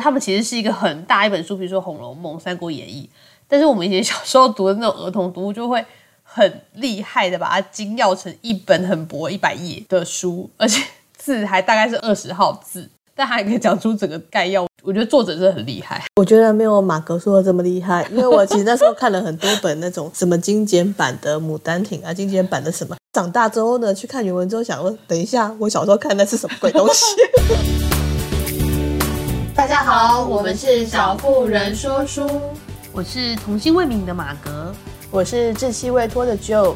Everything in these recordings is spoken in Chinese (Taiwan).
他們其實是一個很大一本書，比如說《紅樓夢》《三國演義》，但是我們以前小時候讀的那種兒童讀物，就會很厲害的把它精要成一本很薄一百頁的書，而且字還大概是二十號字，但它也可以講出整個概要。我覺得作者真的很厲害。我覺得沒有馬哥說的這麼厲害，因為我其實那時候看了很多本那種什麼精簡版的《牡丹亭》啊，精簡版的什麼。長大之後呢，去看原文之後，想問：等一下，我小時候看的是什麼鬼東西？ 大家好，我們是小賦人說書。我是童心未泯的馬格，我是稚氣未脫的 Joe。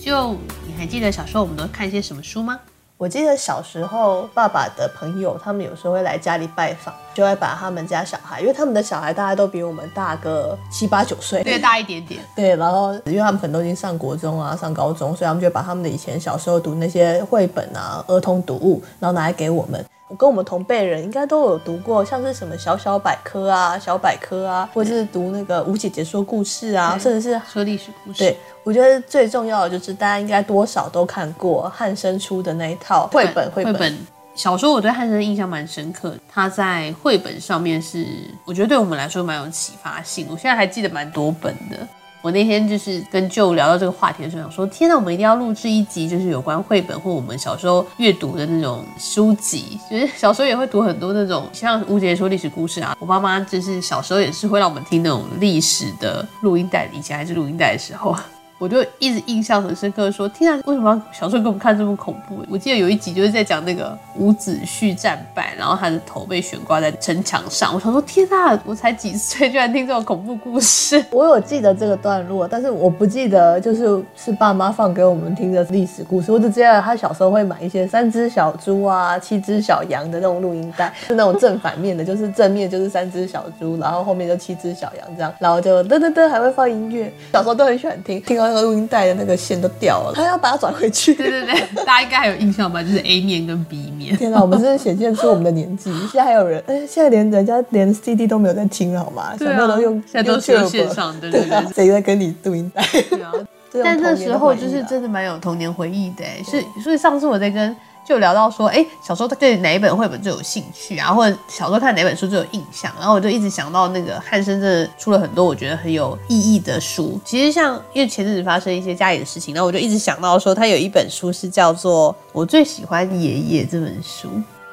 Joe，你還記得小時候我們都看一些什麼書嗎？我記得小時候，爸爸的朋友他們有時候會來家裡拜訪，就會把他們家小孩，因為他們的小孩大概都比我們大個七八九歲，略大一點點。對，然後因為他們可能都已經上國中啊，上高中，所以他們就把他們的以前小時候讀那些繪本啊、兒童讀物，然後拿來給我們。我跟我們同輩人應該都有讀過，像是什麼小小百科啊、小百科啊，或者是讀那個吳姐姐說故事啊，甚至是說歷史故事。對，我覺得最重要的就是大家應該多少都看過漢聲出的那一套繪本。繪本小說，我對漢聲印象蠻深刻的。他在繪本上面是，我覺得對我們來說蠻有啟發性。我現在還記得蠻多本的。我那天就是跟舅聊到這個話題的時候，想說天哪，我們一定要錄製一集，就是有關繪本或我們小時候閱讀的那種書籍。其實小時候也會讀很多那種，像吳姐說歷史故事啊，我爸媽就是小時候也是會讓我們聽那種歷史的錄音帶，以前還是錄音帶的時候。我就一直印象很深刻說，說天啊，為什麼小時候給我們看這麼恐怖？我記得有一集就是在講那個伍子胥戰敗，然後他的頭被懸掛在城牆上。我想說，天啊，我才幾歲，居然聽這種恐怖故事。我有記得這個段落，但是我不記得就是是爸媽放給我們聽的歷史故事。我只知道他小時候會買一些《三隻小豬》啊、《七隻小羊》的那種錄音帶， 是那種正反面的，就是正面就是三隻小豬，然後後面就七隻小羊這樣，然後就噔噔噔，還會放音樂，小時候都很喜歡聽，聽那個錄音帶的那個線都掉了，他、啊、要把它轉回去。對對對，大家應該還有印象吧？就是 A 面跟 B 面。 天吶，我們真的顯現出我們的年紀。現在還有人，哎、欸，現在連人家連 CD 都沒有在聽了，好嗎？啊、都用現在都用線上對對。誰在跟你錄音帶？對啊，對啊 這啊，但那時候就是真的蠻有童年回憶的、欸。是，所、哦、以上次我在跟。就聊到說，哎、欸，小時候他對哪一本繪本最有興趣啊？或者小時候看哪本書最有印象？然後我就一直想到那個漢生，真的出了很多我覺得很有意義的書。其實像因為前陣子發生一些家裡的事情，然後我就一直想到說，他有一本書是叫做《我最喜歡爺爺》這本書。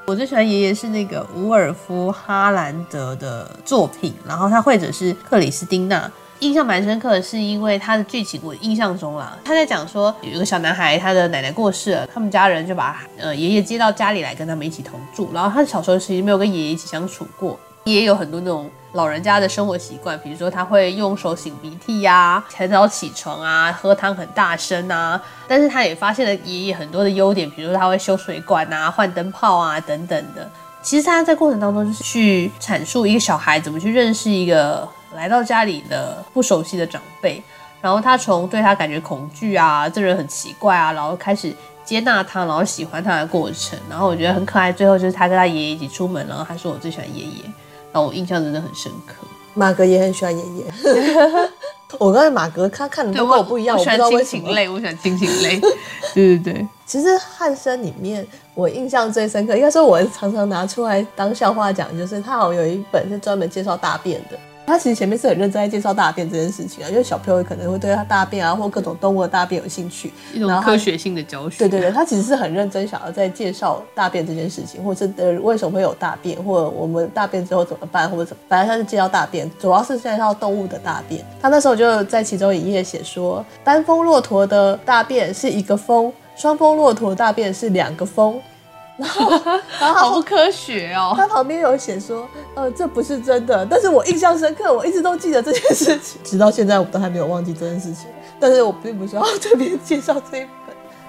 我最喜歡爺爺是那個伍爾夫哈蘭德的作品，然後他繪者是克里斯汀娜。印象蠻深刻的，是因為他的劇情，我印象中啦，他在講說有一個小男孩，他的奶奶過世了，他們家人就把呃爺爺接到家裡來跟他們一起同住。然後他的小時候其實沒有跟爺爺一起相處過，爺爺有很多那種老人家的生活習慣，比如說他會用手擤鼻涕呀啊，很早起床啊，喝湯很大聲啊。但是他也發現了爺爺很多的優點，比如說他會修水管啊，換燈泡啊等等的。其實他在過程當中就是去闡述一個小孩怎麼去認識一個，來到家裡的不熟悉的長輩，然後他從對他感覺恐懼啊，這人很奇怪啊，然後開始接納他，然後喜歡他的過程，然後我覺得很可愛。最後就是他跟他爺爺一起出門，然後他說我最喜歡爺爺，然後我印象真的很深刻。馬哥也很喜歡爺爺。 我剛才馬哥他看的都跟我不一樣，我喜歡親情類。我喜歡親情，情，情類。對對對，其實漢森裡面我印象最深刻，應該說我常常拿出來當笑話講，就是他好像有一本是專門介紹大便的。他其實前面是很認真在介紹大便這件事情啊，因為小朋友可能會對他大便啊，或各種動物的大便有興趣，然後一種科學性的教學啊。對對對，他其實是很認真想要在介紹大便這件事情，或是呃為什麼會有大便，或者我們大便之後怎麼辦，或者什麼。反正他是介紹大便，主要是介紹動物的大便。他那時候就在其中一頁寫說，單峰駱駝的大便是一個峰，雙峰駱駝大便是兩個峰。 然後他，好不科學哦！他旁邊有寫說，呃，這不是真的。但是我印象深刻，我一直都記得這件事情，直到現在我都還沒有忘記這件事情。但是我並不是要特別介紹這一本。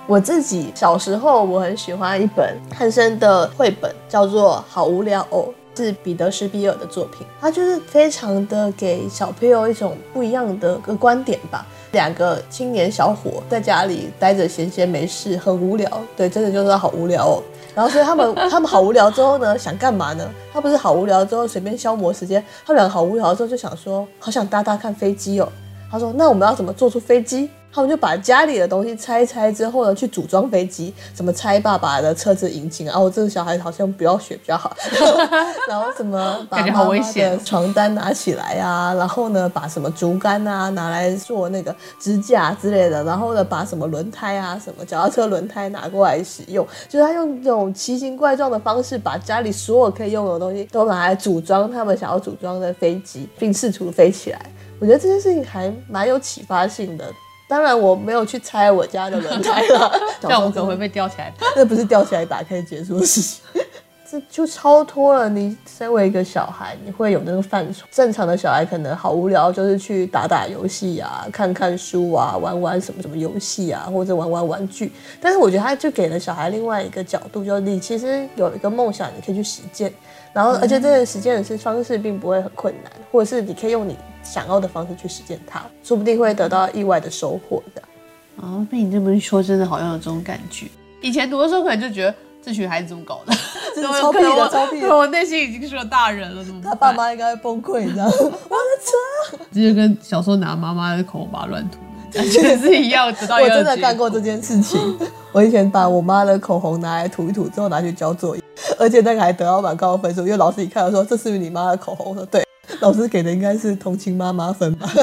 我自己小時候我很喜歡一本漢森的繪本，叫做《好無聊哦》，是彼得·史比爾的作品。他就是非常的給小朋友一種不一樣的個觀點吧。兩個青年小伙在家裡待着閒閒沒事，很無聊。對，真的就是好無聊哦。 然後所以他們他們好無聊之後呢，想幹嘛呢？他不是好無聊之後隨便消磨時間，他們兩個好無聊之後就想說，好想搭搭看飛機哦。他說：“那我們要怎麼做出飛機？”他們就把家裡的東西拆拆之後呢，去組裝飛機。什麼拆爸爸的車子引擎哦、啊，我這個小孩好像不要學比較好。 然後什麼把媽媽的床單拿起來啊，然後呢，把什麼竹竿啊拿來做那個支架之類的。然後呢，把什麼輪胎啊什麼腳踏車輪胎拿過來使用，就是他用這種奇形怪狀的方式，把家裡所有可以用的東西都拿來組裝他們想要組裝的飛機，並試圖飛起來。我覺得這件事情還蠻有啟發性的。當然我沒有去拆我家的輪胎了，但我怎會被吊起來？那不是吊起來打可以結束的事情， 這就超脫了。你身為一個小孩，你會有那個範疇。正常的小孩可能好無聊，就是去打打遊戲啊，看看書啊，玩玩什麼什麼遊戲啊，或者玩玩玩具。但是我覺得它就給了小孩另外一個角度，就是你其實有一個夢想，你可以去實踐。然後，而且這個實踐的方式並不會很困難，或者是你可以用你。想要的方式去實踐它，說不定會得到意外的收穫的。啊，被你這麼一說，真的好像有這種感覺。以前讀的時候可能就覺得，這群孩子怎麼搞的？這超皮的，超皮的，我內心已經是個大人了，怎麼？他爸媽應該會崩潰，你知道嗎？ 我的車！這就跟小時候拿媽媽的口紅把它亂塗，完 全是一樣，我真的幹過這件事情。 我以前把我媽的口紅拿來塗一塗，之後拿去交作業，而且那個還得到蠻高的分數，因為老師一看到說這是不是你媽的口紅的？我說對。老師給的應該是同情媽媽分吧。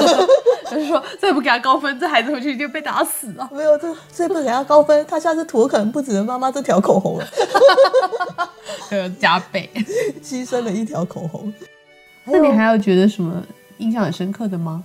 就是說，再不給他高分，這孩子回去就被打死了啊。 沒有，這再不給他高分，他下次塗可能不只能媽媽這條口紅了。 加倍犧牲了一條口紅。 那你還有覺得什麼印象很深刻的嗎？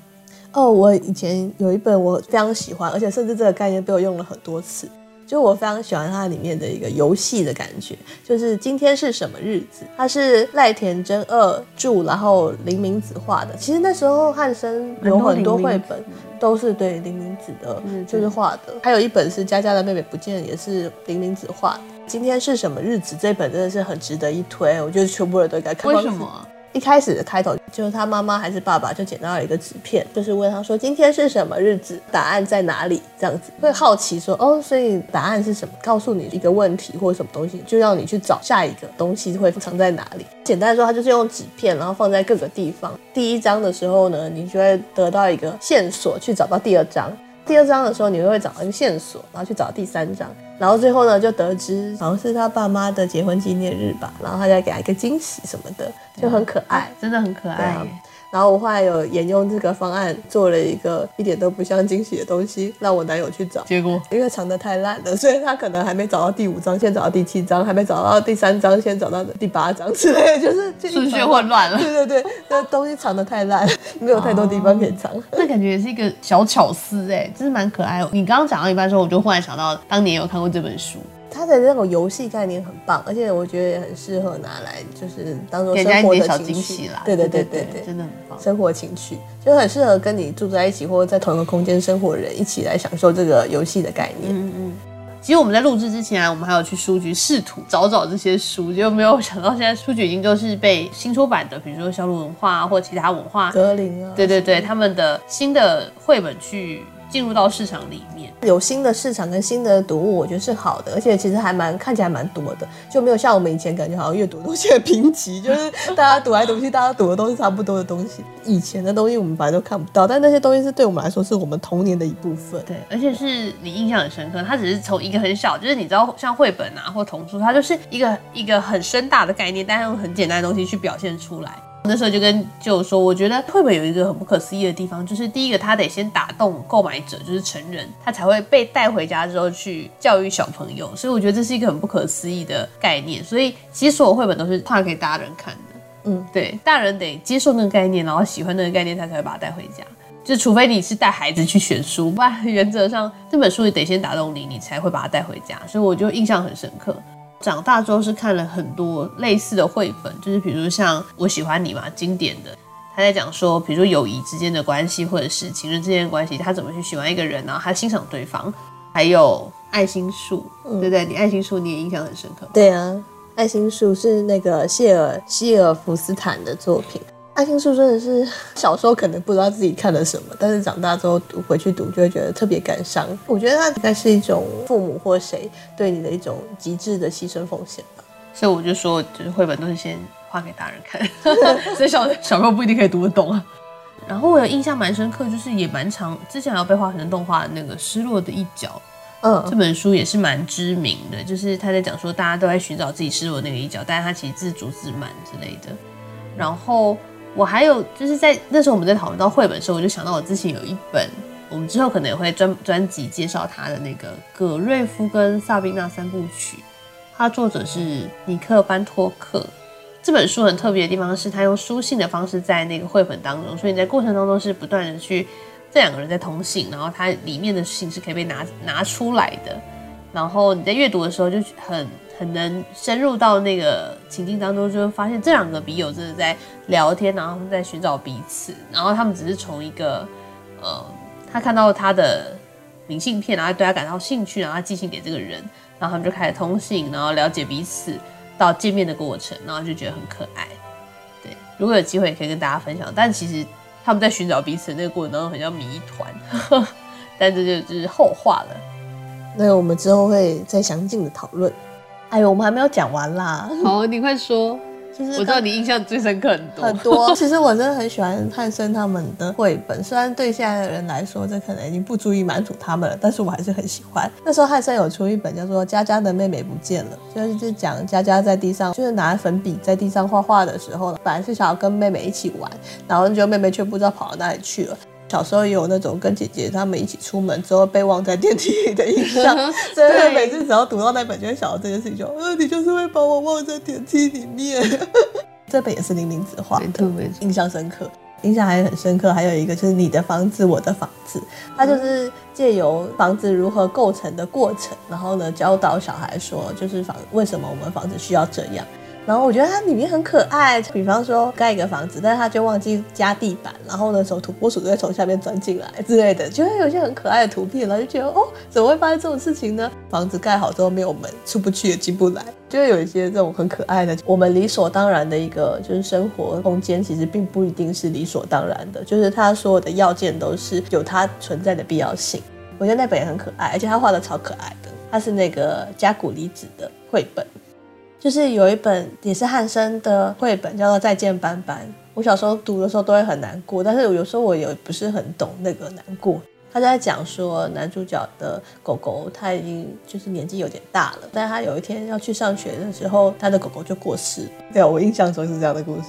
哦，我以前有一本我非常喜歡，而且甚至這個概念被我用了很多次。就我非常喜歡它裡面的一個遊戲的感覺，就是今天是什麼日子？它是瀨田真二著，然後林明子畫的。其實那時候漢聲有很多繪本多都是對林明子的，就是畫的。還有一本是佳佳的妹妹不見，也是林明子畫的。今天是什麼日子？這本真的是很值得一推，我覺得全部人都應該看。為什麼啊？一開始的開頭就是他媽媽還是爸爸就撿到了一個紙片，就是問他說今天是什麼日子，答案在哪裡？這樣子會好奇說哦，所以答案是什麼？告訴你一個問題或什麼東西，就讓你去找下一個東西會藏在哪裡。簡單來說，他就是用紙片，然後放在各個地方。第一章的時候呢，你就會得到一個線索去找到第二章。第二章的時候，你就會找到一個線索，然後去找第三章，然後最後呢，就得知好像是他爸媽的結婚紀念日吧，然後他再給他一個驚喜什麼的，啊，就很可愛，啊，真的很可愛。然後我後來有沿用這個方案做了一個一點都不像驚喜的東西，讓我男友去找。結果因為藏得太爛了，所以他可能還沒找到第五張，先找到第七張，還沒找到第三張，先找到第八張之類的，就是情緒混亂了。對對對，那 東西藏得太爛，沒有太多地方可以藏。這 感覺也是一個小巧思哎、欸，真、就是蠻可愛、哦。你剛剛講到一半的時候，我就忽然想到，當年也有看過這本書。它的那種遊戲概念很棒，而且我覺得也很適合拿來就是當做生活的小驚喜啦。對對對對對，對對對，真的很棒。生活情趣就很適合跟你住在一起或者在同一個空間生活的人一起來享受這個遊戲的概念。嗯嗯。其實我們在錄製之前啊，我們還有去書局試圖找找這些書，結果沒有想到現在書局已經都是被新出版的，比如說小魯文化或其他文化格林啊，對對對，他們的新的繪本去。進入到市場裡面，有新的市場跟新的讀物，我覺得是好的，而且其實還蠻看起來蠻多的，就沒有像我們以前感覺好像閱讀東西很貧瘠，就是大家讀來讀去，大家讀的都是差不多的東西。以前的東西我們反正都看不到，但那些東西是對我們來說是我們童年的一部分。對，而且是你印象很深刻。它只是從一個很小，就是你知道，像繪本啊或童書，它就是一個一個很深大的概念，但用很簡單的東西去表現出來。我那時候就跟舅說，我覺得繪本有一個很不可思議的地方，就是第一個，他得先打動購買者，就是成人，他才會被帶回家之後去教育小朋友。所以我覺得這是一個很不可思議的概念。所以其實所有繪本都是畫給大人看的。嗯，對，大人得接受那個概念，然後喜歡那個概念，他才會把它帶回家。就除非你是帶孩子去選書，不然原則上這本書也得先打動你，你才會把它帶回家。所以我就印象很深刻。長大之後是看了很多類似的繪本，就是比如像我喜歡你嘛，經典的，他在講說，比如說友誼之間的關係，或者是情人之間的關係，他怎麼去喜歡一個人然後他欣賞對方，還有愛心樹、嗯，對不對,對？你愛心樹你也印象很深刻。對啊，愛心樹是那個謝爾、希爾弗斯坦的作品。愛心樹真的是小時候可能不知道自己看了什麼，但是長大之後讀回去讀就會覺得特別感傷。我覺得它應該是一種父母或誰對你的一種極致的犧牲奉獻吧。所以我就說，就是繪本都是先畫給大人看， 所以小小朋友不一定可以讀得懂，啊。 然後我有印象蠻深刻，就是也蠻長，之前有被畫成動畫的那個《失落的一角》。嗯，這本書也是蠻知名的，就是他在講說大家都在尋找自己失落的那個一角，但是他其實自足自滿之類的。然後。我還有就是在那時候我們在討論到繪本的時候，我就想到我之前有一本，我們之後可能也會專專輯介紹他的那個《葛瑞夫跟薩賓娜三部曲》，他的作者是尼克班托克。這本書很特別的地方是，他用書信的方式在那個繪本當中，所以你在過程當中是不斷的去這兩個人在通信，然後他裡面的信是可以被拿拿出來的，然後你在閱讀的時候就很。很能深入到那個情境當中，就會發現這兩個筆友真的在聊天，然後在尋找彼此，然後他們只是從一個，呃，他看到他的明信片，然後對他感到興趣，然後他寄信給這個人，然後他們就開始通信，然後了解彼此到見面的過程，然後就覺得很可愛。對，如果有機會也可以跟大家分享。但其實他們在尋找彼此的那個過程當中很像謎團，但這就就是後話了。那我們之後會再詳盡的討論。哎呦，我們還沒有講完啦！好，你快說。就是我知道你印象最深刻很多。很多，其實我真的很喜歡漢森他們的繪本，雖然對現在的人來說，這可能已經不足以滿足他們了，但是我還是很喜歡。那時候漢森有出一本叫做《佳佳的妹妹不見了》，就是就講佳佳在地上，就是拿粉筆在地上畫畫的時候，本來是想要跟妹妹一起玩，然後結果妹妹卻不知道跑到哪裡去了。小時候也有那種跟姐姐他們一起出門之後被忘在電梯裡的印象，真 的每次只要讀到那本就會想到這件事情就，就呃你就是會把我忘在電梯裡面。 這本也是零零字畫，印象深刻，印象還很深刻。還有一個就是你的房子，我的房子，它就是借由房子如何構成的過程，然後呢教導小孩說，就是房為什麼我們房子需要這樣。然後我覺得它裡面很可愛，比方說蓋一個房子，但是它就忘記加地板，然後呢，從土撥鼠就會從下面鑽進來之類的，就會有些很可愛的圖片，然後就覺得哦，怎麼會發生這種事情呢？房子蓋好之後沒有門，出不去也進不來，就會有一些這種很可愛的。我們理所當然的一個就是生活空間，其實並不一定是理所當然的，就是它所有的要件都是有它存在的必要性。我覺得那本也很可愛，而且他畫的超可愛的，他是那個加古里子的繪本。就是有一本也是漢聲的繪本，叫做《再見斑斑》。我小時候讀的時候都會很難過，但是有時候我也不是很懂那個難過。他就在講說男主角的狗狗，他已經就是年紀有點大了，但是他有一天要去上學的時候，他的狗狗就過世了。對啊，我印象中是這樣的故事。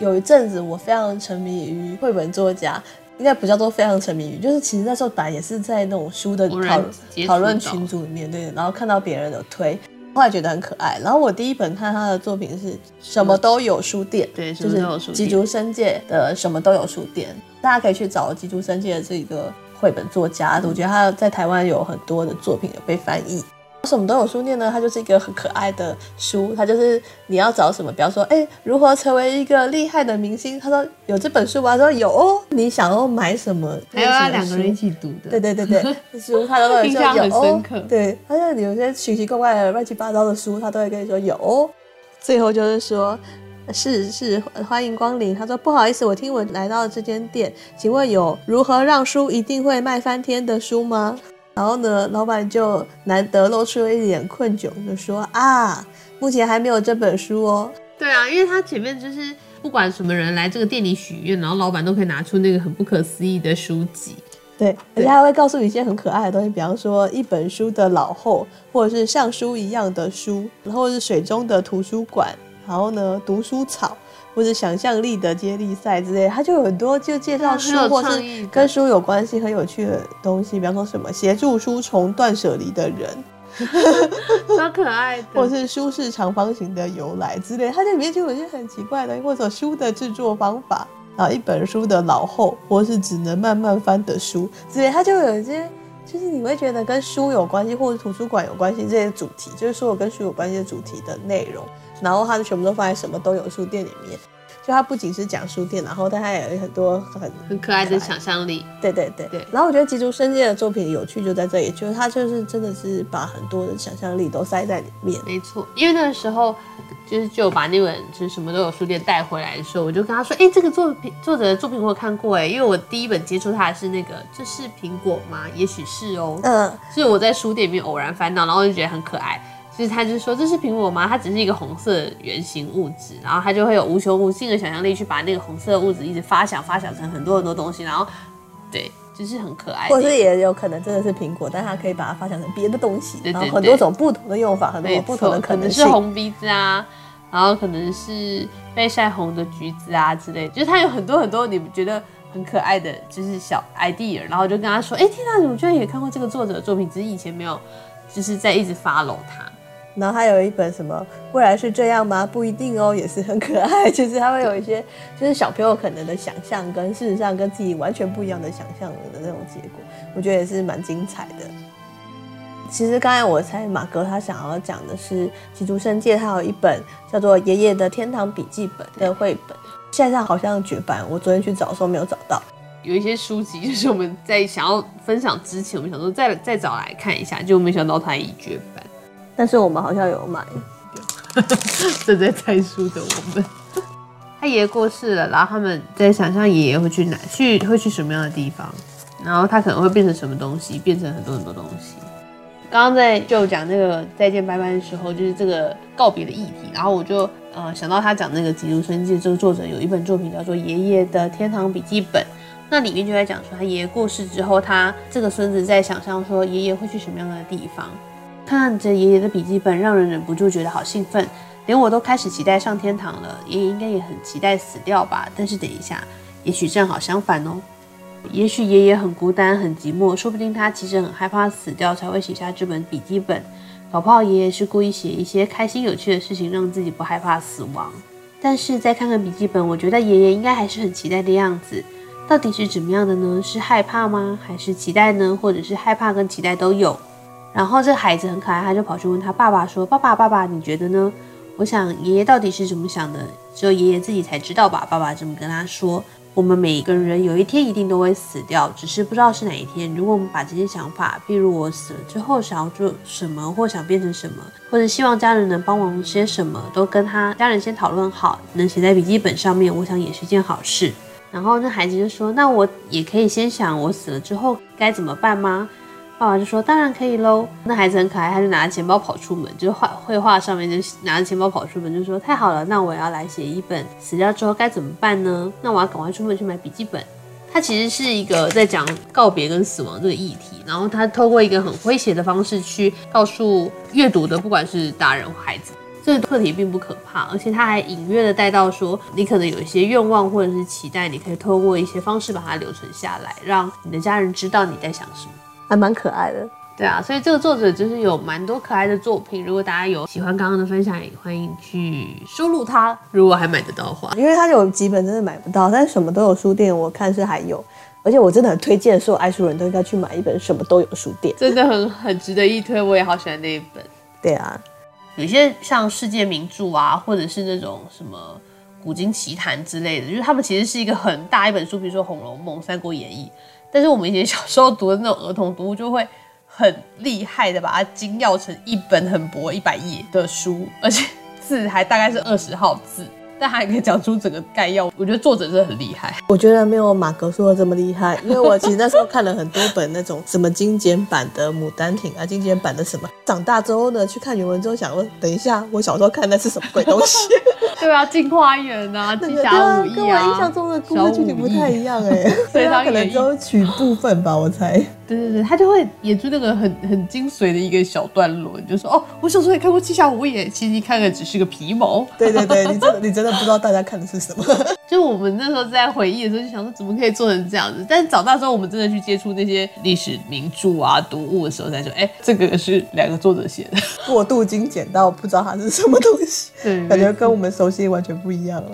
有一陣子我非常沉迷於繪本作家，應該不叫做非常沉迷於，就是其實那時候本來也是在那種書的討討論群組裡面，對，然後看到別人有推。我也覺得很可愛。然後我第一本看他的作品是什麼都有書店，對，就是吉竹伸介的什麼都有書店，就是、書店，大家可以去找吉竹伸介的這個繪本作家，我覺得他在台灣有很多的作品有被翻譯。什麼都有書念呢？他就是一個很可愛的書，他就是你要找什麼，比方說，哎、欸，如何成為一個厲害的明星？他說有這本書嗎？他說有哦。你想要買什麼？還要兩個人一起讀的。對對對對，就是他都會 很深刻有哦。對，他說你有些奇奇怪怪的、亂七八糟的書，他都會跟你說有哦。最後就是說，是是，歡迎光臨。他說不好意思，我聽聞來到了這間店，請問有如何讓書一定會賣翻天的書嗎？然後呢，老闆就難得露出了一點困窘，就說啊，目前還沒有這本書哦。對啊，因為他前面就是不管什麼人來這個店裡許願，然後老闆都可以拿出那個很不可思議的書籍。對，對，而且還會告訴你一些很可愛的東西，比方說一本書的老厚，或者是像書一樣的書，然後是水中的圖書館，然後呢，讀書草。或者想象力的接力賽之類的，它就有很多就介紹書，或是跟書有關係很有趣的東西，比方說什麼協助書從斷舍離的人， 超可愛的，或是書是長方形的由來之類，它這裡面就有一些很奇怪的，或者書的制作方法啊，一本書的老後，或是只能慢慢翻的書之類的，它就有一些就是你會覺得跟書有關係或者圖書館有關係這些主題，就是說我跟書有關係的主題的內容。然後他就全部都放在什麼都有書店裡面，就他不僅是講書店，然後他也有很多很很可愛的想象力。對對對對。然後我覺得吉竹伸介的作品有趣就在這裡，就是他就是真的是把很多的想象力都塞在裡面。沒錯，因為那個時候就是就把那本就是什麼都有書店帶回來的時候，我就跟他說：“哎、欸，這個作品作者的作品我有看過哎、欸，因為我第一本接觸他的是那個這是蘋果嗎？也許是哦，嗯，是我在書店裡面偶然翻到，然後就覺得很可愛。”其實他就是說這是蘋果嗎？它只是一個紅色圓形物質，然後它就會有無窮無盡的想象力去把那個紅色物質一直發想，發想成很多很多東西，然後對，就是很可愛的。或者也有可能真的是蘋果，但它可以把它發想成別的東西，對對對，然後很多種不同的用法，很多不同的可能，可能是紅鼻子啊，然後可能是被曬紅的橘子啊之類的，就是它有很多很多你們覺得很可愛的就是小 idea，然後就跟他說，哎，天哪，你居然也看過這個作者的作品，只是以前沒有，就是在一直 follow 他。然後還有一本什麼未來是這樣嗎？不一定哦，也是很可愛。其實他會有一些，就是小朋友可能的想象，跟事實上跟自己完全不一樣的想象的那種結果，我覺得也是蠻精彩的。其實剛才我猜馬哥他想要講的是《吉竹伸介》，他有一本叫做《爺爺的天堂筆記本》的繪本，現在好像絕版。我昨天去找的時候沒有找到。有一些書籍，就是我們在想要分享之前，我們想說再再找來看一下，就沒想到它已絕版。但是我們好像有買。 正在拆書的我們。他爺爺過世了，然後他們在想象爺爺會去哪，去會去什麼樣的地方，然後他可能會變成什麼東西，變成很多很多東西。剛剛在就講那個再見拜拜的時候，就是這個告別的議題，然後我就呃想到他講那個吉竹伸介這個作者有一本作品叫做《爺爺的天堂筆記本》，那裡面就在講說他爺爺過世之後，他這個孫子在想象說爺爺會去什麼樣的地方。看着爺爺的筆記本，讓人忍不住覺得好興奮，連我都開始期待上天堂了。爺爺應該也很期待死掉吧？但是等一下，也許正好相反哦。也許爺爺很孤單、很寂寞，說不定他其實很害怕死掉，才會寫下這本筆記本。搞不好爺爺是故意寫一些開心、有趣的事情，讓自己不害怕死亡。但是再看看筆記本，我覺得爺爺應該還是很期待的樣子。到底是怎麼樣的呢？是害怕嗎？還是期待呢？或者是害怕跟期待都有？然後這孩子很可愛，他就跑去問他爸爸說：“爸爸，爸爸，你覺得呢？我想爺爺到底是怎麼想的，只有爺爺自己才知道吧。”爸爸這麼跟他說：“我們每一個人有一天一定都會死掉，只是不知道是哪一天。如果我們把這些想法，比如我死了之後想要做什麼，或想變成什麼，或者希望家人能幫忙些什麼，都跟他家人先討論好，能寫在筆記本上面，我想也是一件好事。”然後那孩子就說：“那我也可以先想我死了之後該怎麼辦嗎？”爸爸就說：“當然可以嘍。”那孩子很可愛，他就拿着錢包跑出門，就是畫繪畫上面就拿着錢包跑出門，就說：“太好了，那我要來寫一本死掉之後該怎麼辦呢？那我要趕快出門去買筆記本。”它其實是一個在講告別跟死亡這個議題，然後他透過一個很詼諧的方式去告訴閱讀的，不管是大人或孩子，這個課題並不可怕，而且他還隱約的帶到說，你可能有一些願望或者是期待，你可以透過一些方式把它留存下來，讓你的家人知道你在想什麼。還蠻可愛的，對啊，所以這個作者就是有蠻多可愛的作品。如果大家有喜歡剛剛的分享，也歡迎去輸入它。如果還買得到的話，因為它有幾本真的買不到，但是什麼都有書店，我看是還有。而且我真的很推薦所有愛書人都應該去買一本《什麼都有》書店，真的很很值得一推。我也好喜歡那一本。對啊，有些像世界名著啊，或者是那種什麼古今奇談之類的，就是他們其實是一個很大一本書，比如說《紅樓夢》、《三國演義》。但是我們以前小時候讀的那種兒童讀物，就會很厲害的把它精要成一本很薄一百頁的書，而且字還大概是二十號字，但它也可以講出整個概要。我覺得作者是很厲害。我覺得沒有馬哥說的這麼厲害，因為我其實那時候看了很多本那種什麼精簡版的《牡丹亭》啊，精簡版的什麼。長大之後呢，去看原文之後，想問：等一下，我小時候看那是什麼鬼東西？ 對啊，進花園啊，進花園，跟我印象中的故事、啊、不太一樣哎、欸，所以他可能就取部分吧，我猜 對對對，他就會演出那個很很精髓的一個小段落，就說哦，我小時候也看過《七俠五義》，其實你看的只是個皮毛。對對對，你真的你真的不知道大家看的是什麼。 就我們那時候在回憶的時候，就想說怎麼可以做成這樣子？但是長大之後，我們真的去接觸那些歷史名著啊、讀物的時候，才說哎，這個是兩個作者寫的，過度精簡到不知道它是什麼東西 對，感覺跟我們熟悉的完全不一樣了。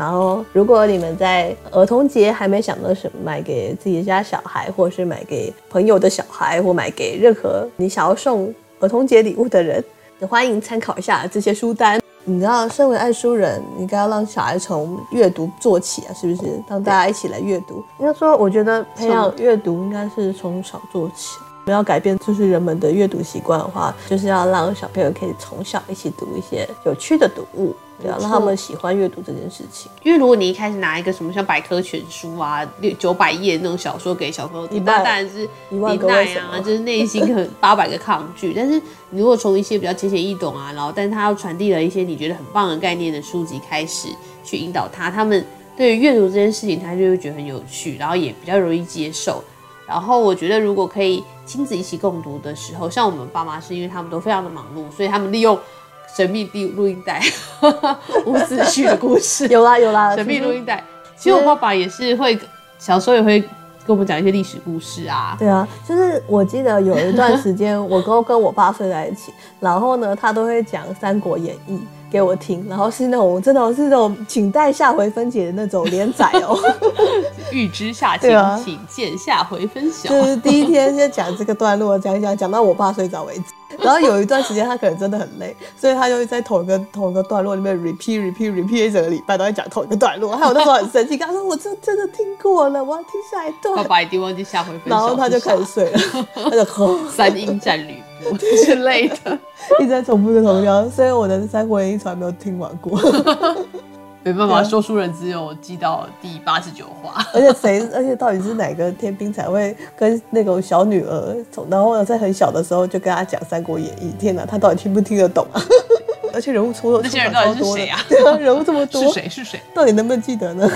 然後，如果你們在兒童節還沒想到什麼買給自己家小孩，或是買給朋友的小孩，或買給任何你想要送兒童節禮物的人，也歡迎參考一下這些書單。你知道，身為愛書人，應該要讓小孩從閱讀做起啊，是不是？讓大家一起來閱讀。應該說，我覺得培養閱讀應該是從小做起。我們要改變就是人們的閱讀習慣的話，就是要讓小朋友可以從小一起讀一些有趣的讀物。對啊，讓他們喜歡閱讀這件事情。因為如果你一開始拿一個什麼像百科全書啊，六九百頁那種小說給小朋友聽，那當然是一萬，多萬耐啊，什麼就是內心可能八百個抗拒。 但是你如果從一些比較淺顯易懂啊，然後但是他傳遞了一些你覺得很棒的概念的書籍開始，去引導他，他們對於閱讀這件事情，他就會覺得很有趣，然後也比較容易接受。然後我覺得如果可以親子一起共讀的時候，像我們爸媽是因為他們都非常的忙碌，所以他們利用。神秘地錄音帶，伍子胥的故事 有啦有啦。神秘錄音帶，其實我爸爸也是會，小時候也會跟我們講一些歷史故事啊。對啊，就是我記得有一段時間，我哥跟我爸睡在一起， 然後呢，他都會講《三國演義》給我聽、嗯，然後是那種真的，是那種請待下回分解的那種連載哦、喔。欲 知下情、啊，請見下回分曉。就是第一天先講這個段落，講一講講到我爸睡着為止。 然後有一段時間，他可能真的很累，所以他就在同一個同一個段落裡面 repeat, repeat repeat repeat，一整個禮拜都在講同一個段落。還有那時候很生氣，跟他說：“我真的真的聽過了，我要聽下一段。”下回。然後他就開始睡了， 他就 三英戰呂布之類的， 一直在重複一個頭條。雖然我的三國演義從來沒有聽完過。 沒辦法，說書人只有記到第八十九話，啊，而且誰，而且到底是哪個天兵才會跟那個小女兒，然後在很小的時候就跟他講《三國演義》？天哪，啊，他到底聽不聽得懂啊？而且人物，那些人多到底是誰啊？對啊，人物這麼多，是誰是誰？到底能不能記得呢？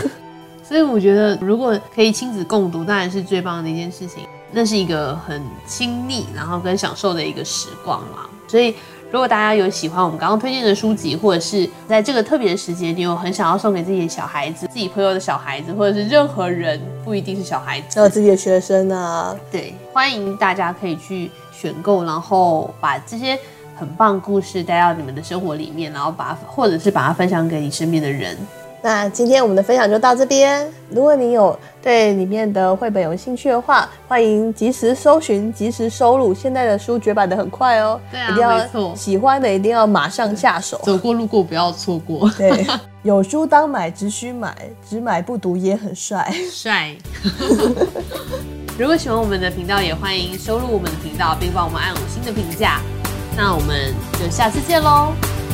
所以我覺得，如果可以親子共讀，當然是最棒的一件事情。那是一個很親密，然後跟享受的一個時光嘛。所以。如果大家有喜歡我們剛剛推薦的書籍，或者是在這個特別的時間，你有很想要送給自己的小孩子、自己朋友的小孩子，或者是任何人，不一定是小孩子，還有自己的學生啊，對，歡迎大家可以去選購，然後把這些很棒故事帶到你們的生活裡面，然後把或者是把它分享給你身邊的人。那今天我們的分享就到這邊。如果你有對裡面的繪本有興趣的話，歡迎及時搜尋，及時收錄。現在的書絕版得很快哦，對啊，沒錯。喜歡的一定要馬上下手，走過路過不要錯過。 對，有書當買，只需買，只買不讀也很帥。帥。 如果喜歡我們的頻道，也歡迎收錄我們的頻道，並幫我們按五星的評價。那我們就下次見嘍，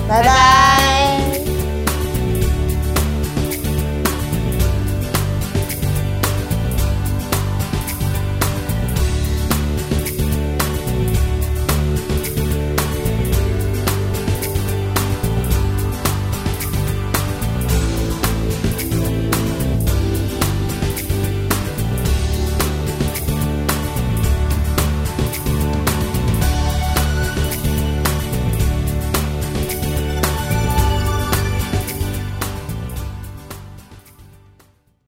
拜拜。